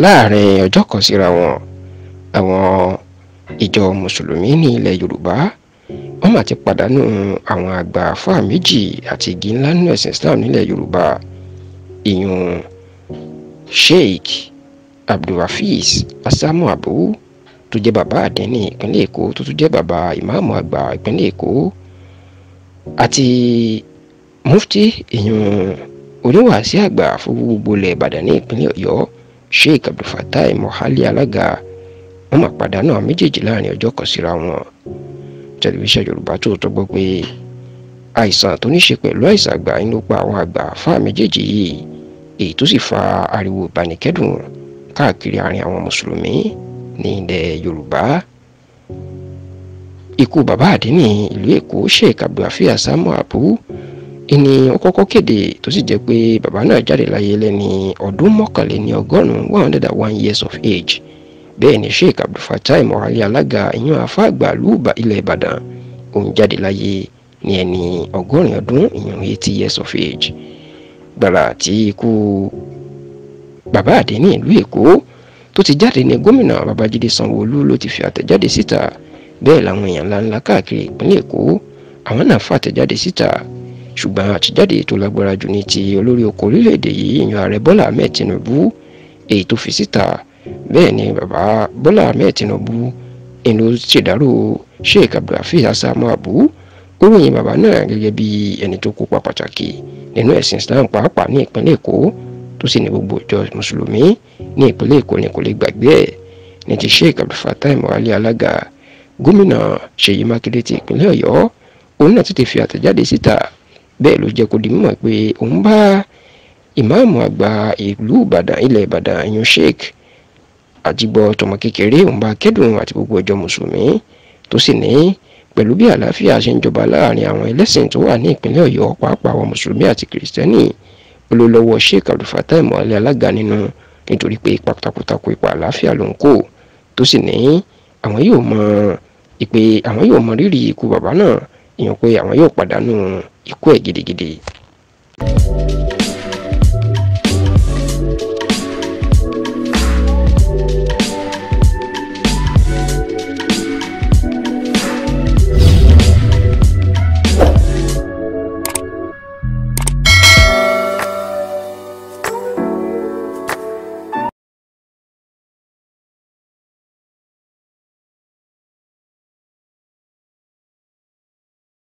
láàrin ọjọ́ kan síra wọn àwọn ìjọ mùsùlùmí ní ilẹ̀ yorùbá wọ́n mà ti pàdánù àwọn àgbà àfáà méjì àti igi ńlá nínú ẹ̀sìn islam nílẹ̀ yorùbá ìyún sheikh abdulhafiz asamu abu tó jẹ́ bàbá àdínní ìpínlẹ̀ èkó tó tún jẹ́ bàbá ìmáàmù àgbà ìpínlẹ̀ èkó àti mufti ìyún oníwàásí àgbà fún gbogbo ilẹ̀ ìbàdàn ní ìpínlẹ̀ ọ̀yọ́ sheik abdulfatai mohali alága wọn mà pàdánù àwọn méjèèjì láàrin ọjọ́ kan síra wọn tẹlifíṣàn yorùbá Tòótọ́ gbọ́ pé àìsàn tó ní ṣe pẹ̀lú àìsàn àgbà inú pa àwọn àgbà fáà méjèèjì yìí èyí tó sì fa ariwo ìbánikẹ́dùn káàkiri àárín àwọn mùsùlùmí ní ilẹ̀ yorùbá ikú bàbá àdínní ìlú èkó sheik abdulhafiz samuel abu ènìyàn kọ́kọ́ kéde tó sì jẹ́ pé bàbá náà jáde láyé lẹ́ni ọdún mọ́kànléní ọgọ́rùn-ún one hundred and one years of age bẹ́ẹ̀ ni sheikh abdulfatai morali alága ìyún afáàgbà lùbà ilẹ̀ ìbàdàn òun jáde láyé ní ẹni ọgọ́rin ọdún ìyún eighty years of age gbàrà tí ikú bàbá àdé ní ìlú èkó tó ti jáde ní gómìnà babájídé sanwóolu ló ti fi àtẹ̀jáde síta bẹ́ẹ̀ làwọn èèyàn ńláńlá káàkiri ìpínlẹ̀ èkó àwọn náà fàtẹ̀jáde síta ṣùgbọ́n àtijáde tó lágbára jù ní ti olórí oko orílẹ̀-èdè yìí ìyẹn ààrẹ bọ́lá ahmed tinubu èyí tó fi síta bẹ́ẹ̀ ni bàbá bọ́lá ahmed tinubu ìlú ṣèdárò sheikh abdulhafiz hasan mahabu ó ròyìn bàbá náà gẹ́gẹ́ bí ẹni tó kópa pàtàkì nínú ẹ̀sìn islam pàápàá ní ìpínlẹ̀ èkó tó sì ní gbogbo ìjọ mùsùlùmí ní ìpínlẹ̀ èkó ni kò lè gbàgbé ẹ̀ ní ti sheikh abdulfatai muhali alága gómìnà ṣèyí mákindé ti ìpínlẹ̀ ọ̀yọ́ òun náà ti ti fi àtẹ̀jáde síta bẹ́ẹ̀ ló jẹ́ kó di mímọ̀ pé òun bá ìmáàmù àgbà ìlú ìbàdàn ilẹ̀ ìbàdàn yan sheikh àjígbọ́ tọmọ kékeré òun bá kẹ́dùn àti gbogbo ọjọ́ mùsùlùmí tó sì ní pẹ̀lú bí àlàáfíà ṣe ń jọba láàrin àwọn ẹlẹ́sìn tó wà ní ìpínlẹ̀ ọ̀yọ́ pàápàá àwọn mùsùlùmí àti kìrìsìtẹ́nì olólọ́wọ́ sheikh abdulfatai mọ̀ọ́lẹ́ alága nínú nítorí pé ipa takuntakun ipa àlàáfíà ló ń kó tó sì ní àwọn yóò mọ ìpè àwọn yóò mọ rírì ikú bàbá náà ìyàn àwọn yóò pàdánù ikú ẹ̀ gidigidi.